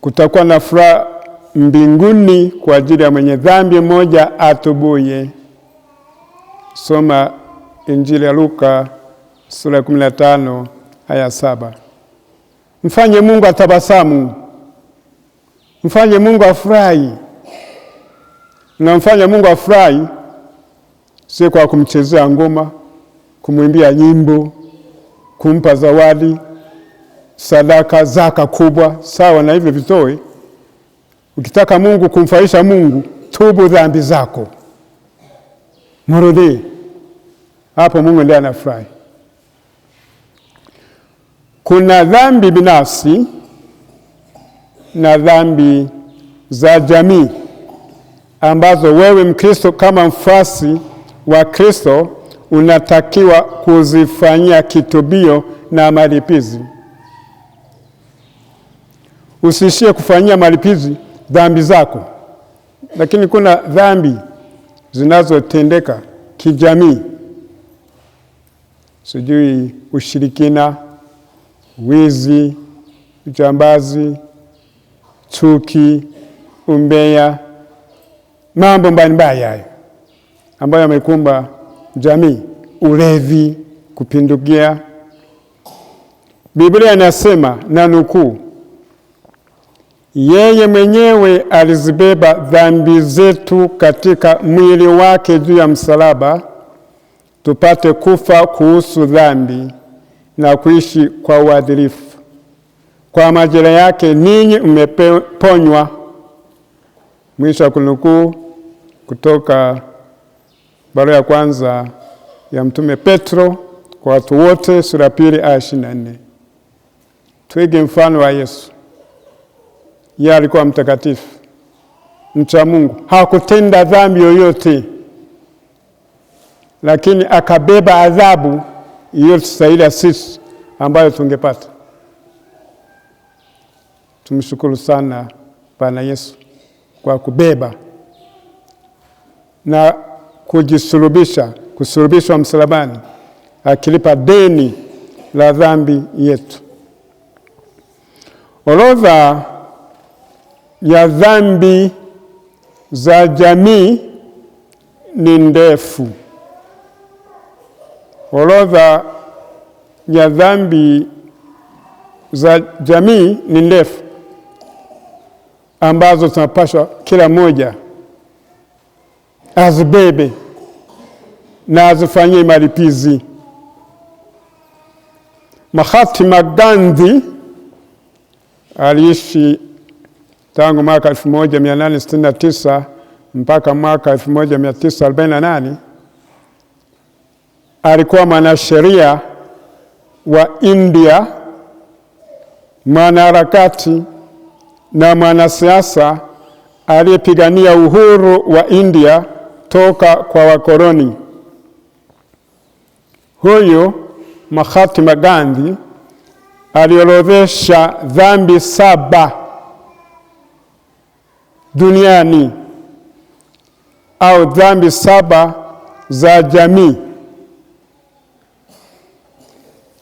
Kutakuwa na furaha mbinguni kwa ajili ya mwenye dhambi mmoja atubuye. Soma Injili ya Luka sura ya 15 aya saba. Mfanye Mungu atabasamu, mfanye Mungu afurahi. Na mfanye Mungu afurahi si kwa kumchezea ngoma, kumwimbia nyimbo, kumpa zawadi sadaka, zaka kubwa sawa na hivyo vitoe. Ukitaka Mungu kumfurahisha Mungu, tubu dhambi zako, mrudie hapo, Mungu ndiye anafurahi. Kuna dhambi binafsi na dhambi za jamii ambazo wewe Mkristo kama mfuasi wa Kristo unatakiwa kuzifanyia kitubio na malipizi usiishie kufanyia malipizi dhambi zako, lakini kuna dhambi zinazotendeka kijamii, sijui ushirikina, wizi, ujambazi, chuki, umbea, mambo mbalimbali hayo ambayo yamekumba jamii, ulevi kupindukia. Biblia inasema na nukuu yeye mwenyewe alizibeba dhambi zetu katika mwili wake juu ya msalaba, tupate kufa kuhusu dhambi na kuishi kwa uadilifu. Kwa majira yake ninyi mmeponywa. Mwisho wa kunukuu kutoka barua ya kwanza ya Mtume Petro kwa watu wote, sura pili aya ishirini na nne. twige mfano wa Yesu yeye alikuwa mtakatifu mcha Mungu, hakutenda dhambi yoyote, lakini akabeba adhabu iliyotustahili sisi ambayo tungepata. Tumshukuru sana Bwana Yesu kwa kubeba na kujisulubisha, kusulubishwa msalabani, akilipa deni la dhambi yetu. Orodha ya dhambi za jamii ni ndefu. Orodha ya dhambi za jamii ni ndefu, ambazo tunapaswa kila moja azibebe na azifanyie malipizi. Mahatima Gandhi aliishi tangu mwaka 1869 mpaka mwaka 1948 alikuwa mwanasheria wa India, mwanaharakati na mwanasiasa aliyepigania uhuru wa India toka kwa wakoloni. Huyu Mahatma Gandhi aliorodhesha dhambi saba duniani au dhambi saba za jamii.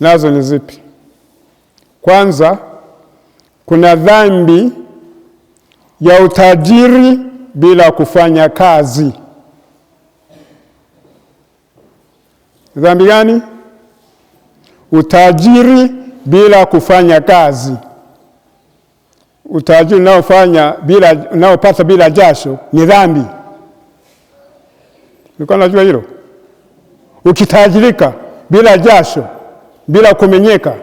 Nazo ni zipi? Kwanza, kuna dhambi ya utajiri bila kufanya kazi. Dhambi gani? Utajiri bila kufanya kazi utajiri unaofanya bila unaopata bila jasho ni dhambi. Ulikuwa unajua hilo? Ukitajirika bila jasho, bila kumenyeka,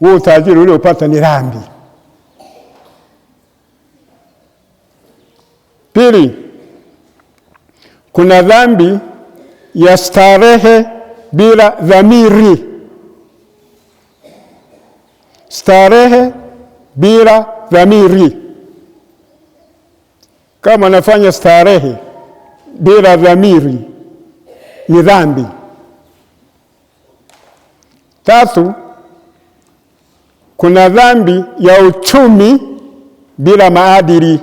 huo utajiri upata ni dhambi. Pili, kuna dhambi ya starehe bila dhamiri. Starehe bila dhamiri, kama nafanya starehe bila dhamiri ni dhambi. Tatu, kuna dhambi ya uchumi bila maadili.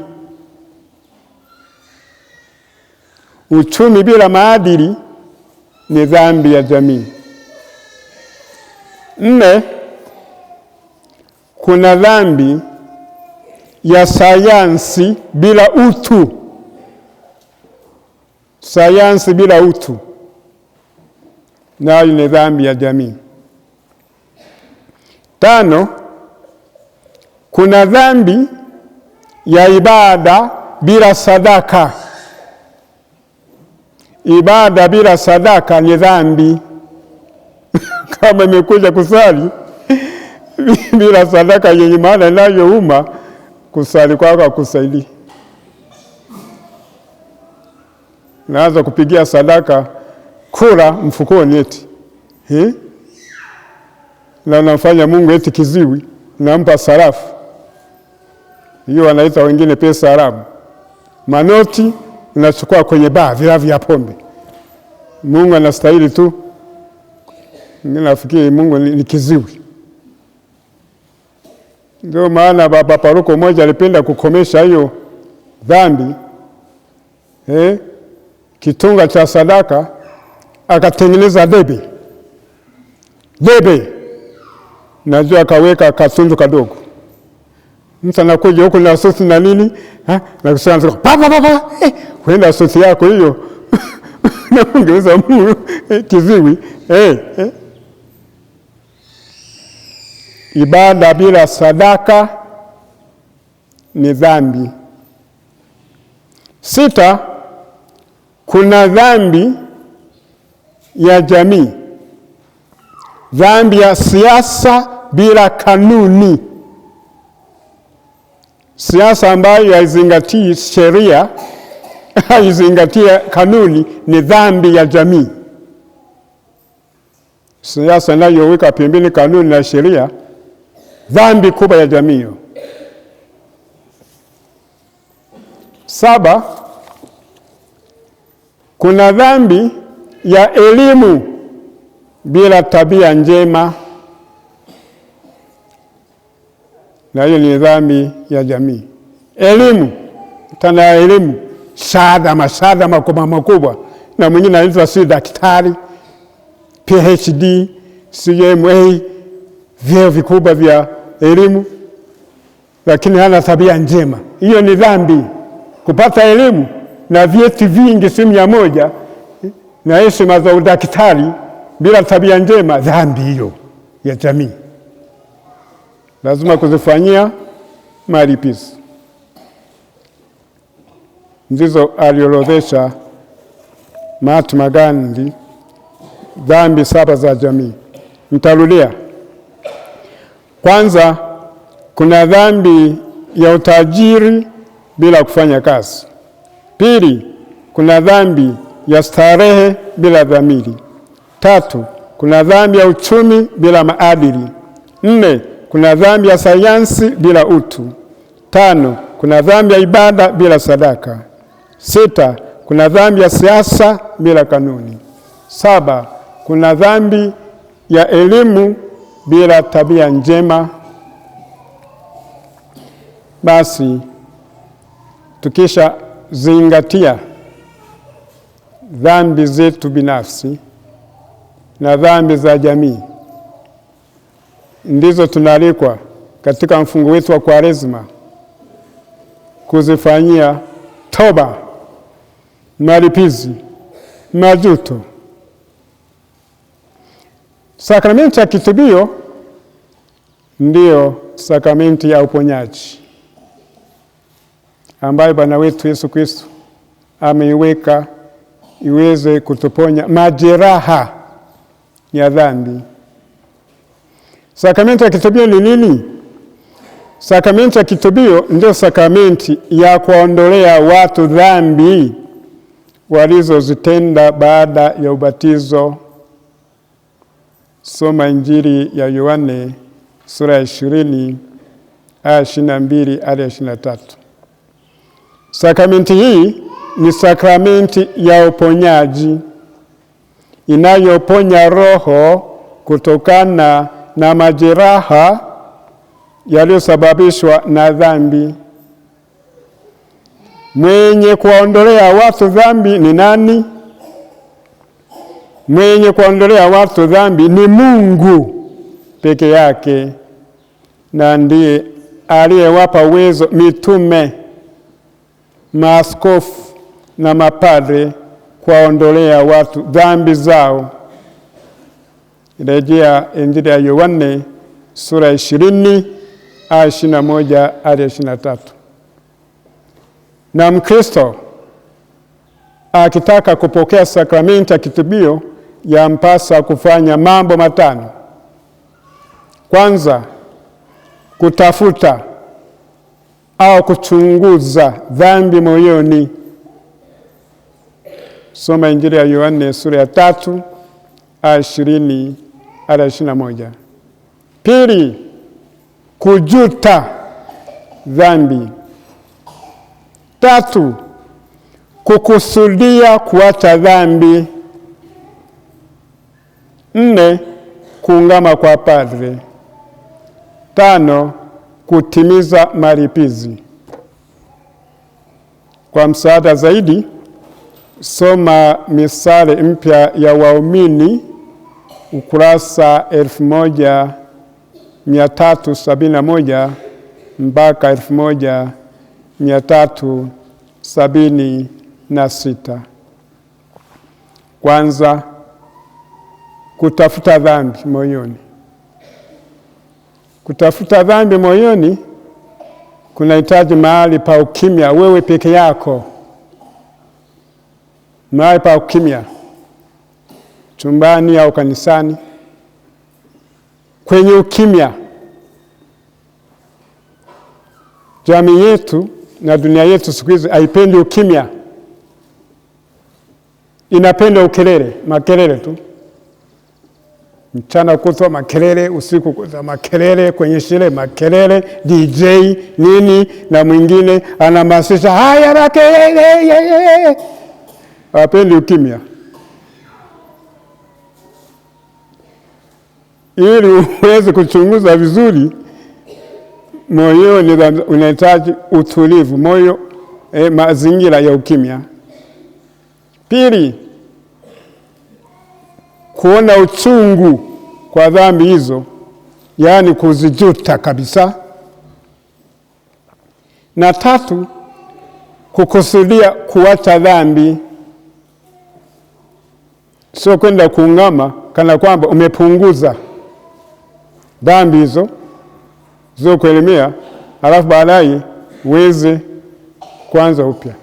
Uchumi bila maadili ni dhambi ya jamii. Nne, kuna dhambi ya sayansi bila utu. Sayansi bila utu nayo ni dhambi ya jamii. Tano, kuna dhambi ya ibada bila sadaka. Ibada bila sadaka ni dhambi. Kama imekuja kusali bila sadaka yenye maana inayouma, kusali kwako akusaidii. Naanza kupigia sadaka kura mfukoni eti He? na namfanya Mungu eti kiziwi, nampa sarafu hiyo, wanaita wengine pesa haramu, manoti nachukua kwenye baa, vilavi vya pombe. Mungu anastahili tu, nafikiri Mungu ni kiziwi ndio maana baba paroko moja alipenda kukomesha hiyo dhambi eh, kitunga cha sadaka akatengeneza debe debe, najua akaweka katundu kadogo. Mtu anakuja huko na sosi na nini eh, nakusanza eh, huenda sosi yako hiyo nakungeuza mu eh, kiziwi eh, eh. Ibada bila sadaka ni dhambi. Sita, kuna dhambi ya jamii, dhambi ya siasa bila kanuni, siasa ambayo haizingatii sheria, haizingatia kanuni, ni dhambi ya jamii. Siasa inayoweka pembeni kanuni na sheria dhambi kubwa ya jamii. Saba, kuna dhambi ya elimu bila tabia njema, na hiyo ni dhambi ya jamii. Elimu tana ya elimu shahada, shahada makubwa makubwa, na mwingine anaitwa si daktari, PhD, CMA, vyeo vikubwa vya elimu lakini hana tabia njema, hiyo ni dhambi. Kupata elimu na vyeti vingi si mia moja na heshima za udaktari bila tabia njema, dhambi hiyo ya jamii lazima kuzifanyia malipizi. Ndizo aliorodhesha Mahatma Gandhi dhambi saba za jamii. Ntarudia. Kwanza kuna dhambi ya utajiri bila kufanya kazi. Pili, kuna dhambi ya starehe bila dhamiri. Tatu, kuna dhambi ya uchumi bila maadili. Nne, kuna dhambi ya sayansi bila utu. Tano, kuna dhambi ya ibada bila sadaka. Sita, kuna dhambi ya siasa bila kanuni. Saba, kuna dhambi ya elimu bila tabia njema, basi tukisha zingatia dhambi zetu binafsi na dhambi za jamii, ndizo tunaalikwa katika mfungo wetu wa Kwaresma kuzifanyia toba, malipizi, majuto. Sakramenti ya kitubio ndiyo sakramenti ya uponyaji ambayo Bwana wetu Yesu Kristo ameiweka iweze kutuponya majeraha ya dhambi. Sakramenti ya kitubio ni nini? Sakramenti ya kitubio ndio sakramenti ya kuondolea watu dhambi walizozitenda baada ya ubatizo. Soma Injili ya Yohane sura ya ishirini aya ishirini na mbili hadi ya ishirini na tatu. Sakramenti hii ni sakramenti ya uponyaji inayoponya roho kutokana na majeraha yaliyosababishwa na dhambi. Mwenye kuwaondolea watu dhambi ni nani? Mwenye kuwaondolea watu dhambi ni Mungu peke yake na ndiye aliyewapa uwezo mitume, maaskofu na mapadre kuwaondolea watu dhambi zao. Rejea Injili ya Yohane sura ishirini aya ishirini na moja hadi ishirini na tatu. Na Mkristo akitaka kupokea sakramenti ya kitubio yampasa kufanya mambo matano. Kwanza, kutafuta au kuchunguza dhambi moyoni. Soma Injili ya Yohane sura ya tatu aya ishirini hadi ishirini na moja. Pili, kujuta dhambi. Tatu, kukusudia kuacha dhambi. Nne, kuungama kwa padre. Tano, kutimiza malipizi. Kwa msaada zaidi, soma Misale Mpya ya Waumini ukurasa 1371 mpaka 1376. Kwanza, kutafuta dhambi moyoni. Kutafuta dhambi moyoni kunahitaji mahali pa ukimya, wewe peke yako, mahali pa ukimya, chumbani au kanisani, kwenye ukimya. Jamii yetu na dunia yetu siku hizi haipendi ukimya, inapenda ukelele, makelele tu mchana kutwa makelele, usiku za makelele, kwenye shule makelele, DJ nini, na mwingine anamasisha haya makelele, hapendi ukimya. Ili uweze kuchunguza vizuri moyo unahitaji utulivu moyo, eh, mazingira ya ukimya. Pili, kuona uchungu kwa dhambi hizo, yaani kuzijuta kabisa, na tatu, kukusudia kuacha dhambi, sio kwenda kuungama kana kwamba umepunguza dhambi hizo zokuelemea, alafu baadaye uweze kuanza upya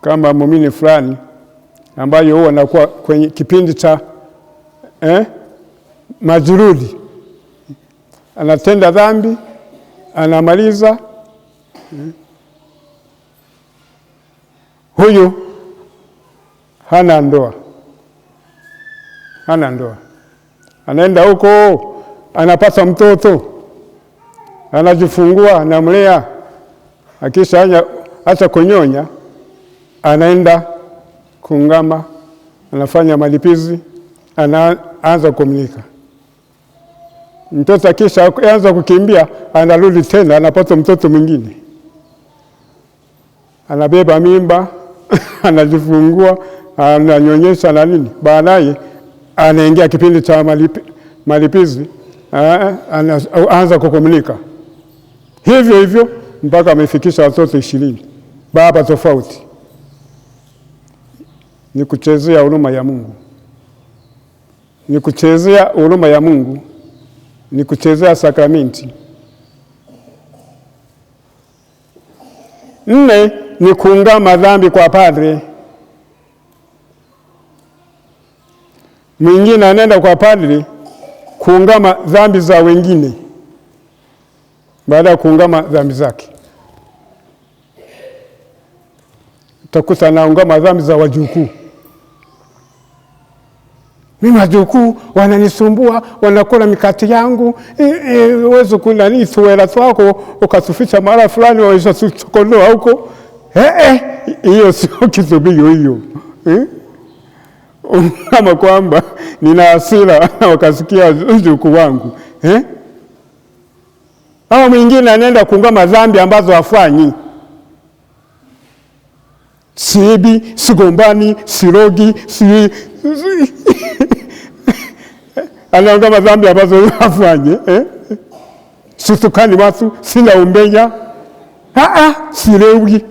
kama muumini fulani ambayo wanakuwa kwenye kipindi cha eh, majruli, Anatenda dhambi anamaliza eh, huyu hana ndoa, hana ndoa, anaenda huko anapata mtoto, anajifungua, anamlea, akisha acha kunyonya anaenda kungama, anafanya malipizi, anaanza kumnika mtoto. Akisha anza kukimbia, anarudi tena, anapata mtoto mwingine, anabeba mimba anajifungua, ananyonyesha na nini, baadaye anaingia kipindi cha malipi, malipizi anaanza kukomunika hivyo hivyo mpaka amefikisha watoto ishirini, baba tofauti ni kuchezea huruma ya Mungu, ni kuchezea huruma ya Mungu, ni kuchezea sakramenti. Nne ni kuungama dhambi kwa padre. Mwingine anaenda kwa padre kuungama dhambi za wengine baada ya kuungama dhambi zake utakuta anaungama dhambi za wajukuu mimi wajukuu wananisumbua, wanakula mikati yangu e, e, wezi kunani suwela twako ukasufisha mara fulani waweza kutokonoa huko. E, hiyo sio kizubio hiyo kama kwamba nina hasira wakasikia jukuu wangu eh? Au mwingine anaenda kuungama dhambi ambazo hafanyi siibi, sigombani, sirogi si anaondoa dhambi ambazo afanye eh? eh. Susukani watu sina umenya ah, ah, silewi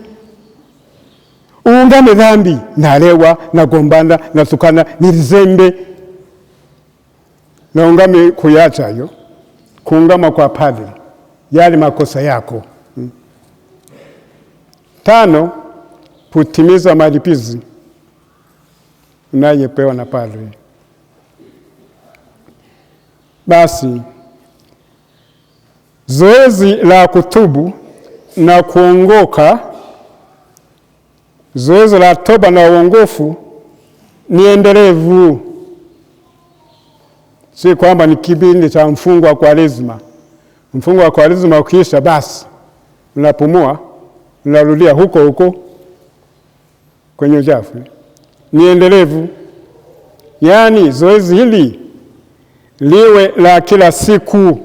uungane dhambi, nalewa nagombana nasukana nilizembe naungame kuyachayo kuungama kwa padri yale makosa yako hmm. Tano, kutimiza malipizi unayepewa na padri. Basi zoezi la kutubu na kuongoka, zoezi la toba na uongofu ni endelevu, si kwamba ni kipindi cha mfungo wa Kwaresima. Mfungo wa Kwaresima ukiisha, basi unapumua, unarudia huko huko kwenye uchafu. Ni endelevu, yaani zoezi hili liwe la kila siku,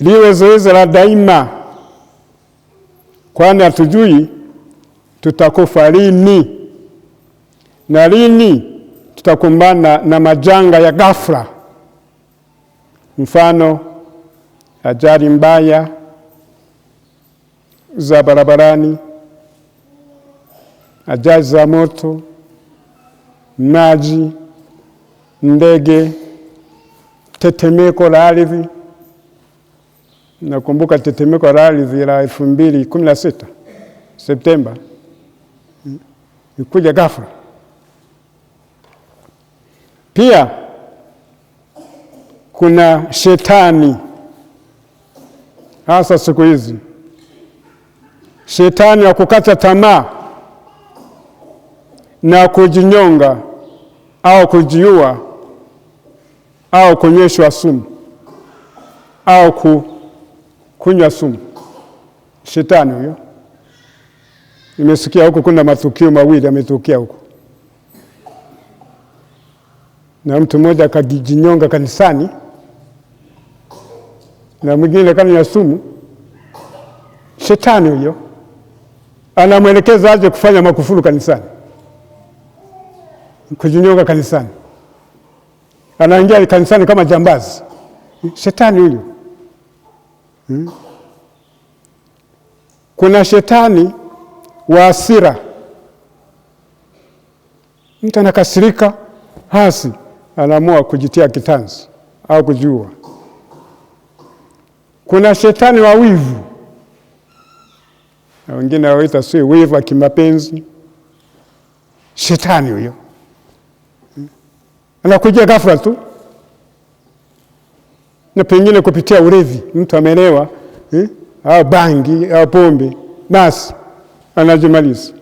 liwe zoezi la daima, kwani hatujui tutakufa lini na lini tutakumbana na majanga ya ghafla, mfano ajali mbaya za barabarani, ajali za moto, maji ndege, tetemeko la ardhi. Nakumbuka tetemeko la ardhi la elfu mbili kumi na sita Septemba, ikuja ghafla. Pia kuna shetani, hasa siku hizi, shetani wa kukata tamaa na kujinyonga au kujiua au kunyweshwa sumu au kunywa sumu. Shetani huyo, nimesikia huko kuna matukio mawili yametokea huko, na mtu mmoja akajinyonga kanisani na mwingine kanywa sumu. Shetani huyo anamwelekeza aje kufanya makufuru kanisani, kujinyonga kanisani anaingia kanisani kama jambazi, shetani huyu hmm? Kuna shetani wa hasira. Mtu anakasirika hasi, anaamua kujitia kitanzi au kujiua. Kuna shetani wa wivu, na wengine wawita si wivu kimapenzi. shetani huyo anakuja ghafla tu, na pengine kupitia ulevi, mtu amelewa eh, au bangi au pombe, basi anajimaliza.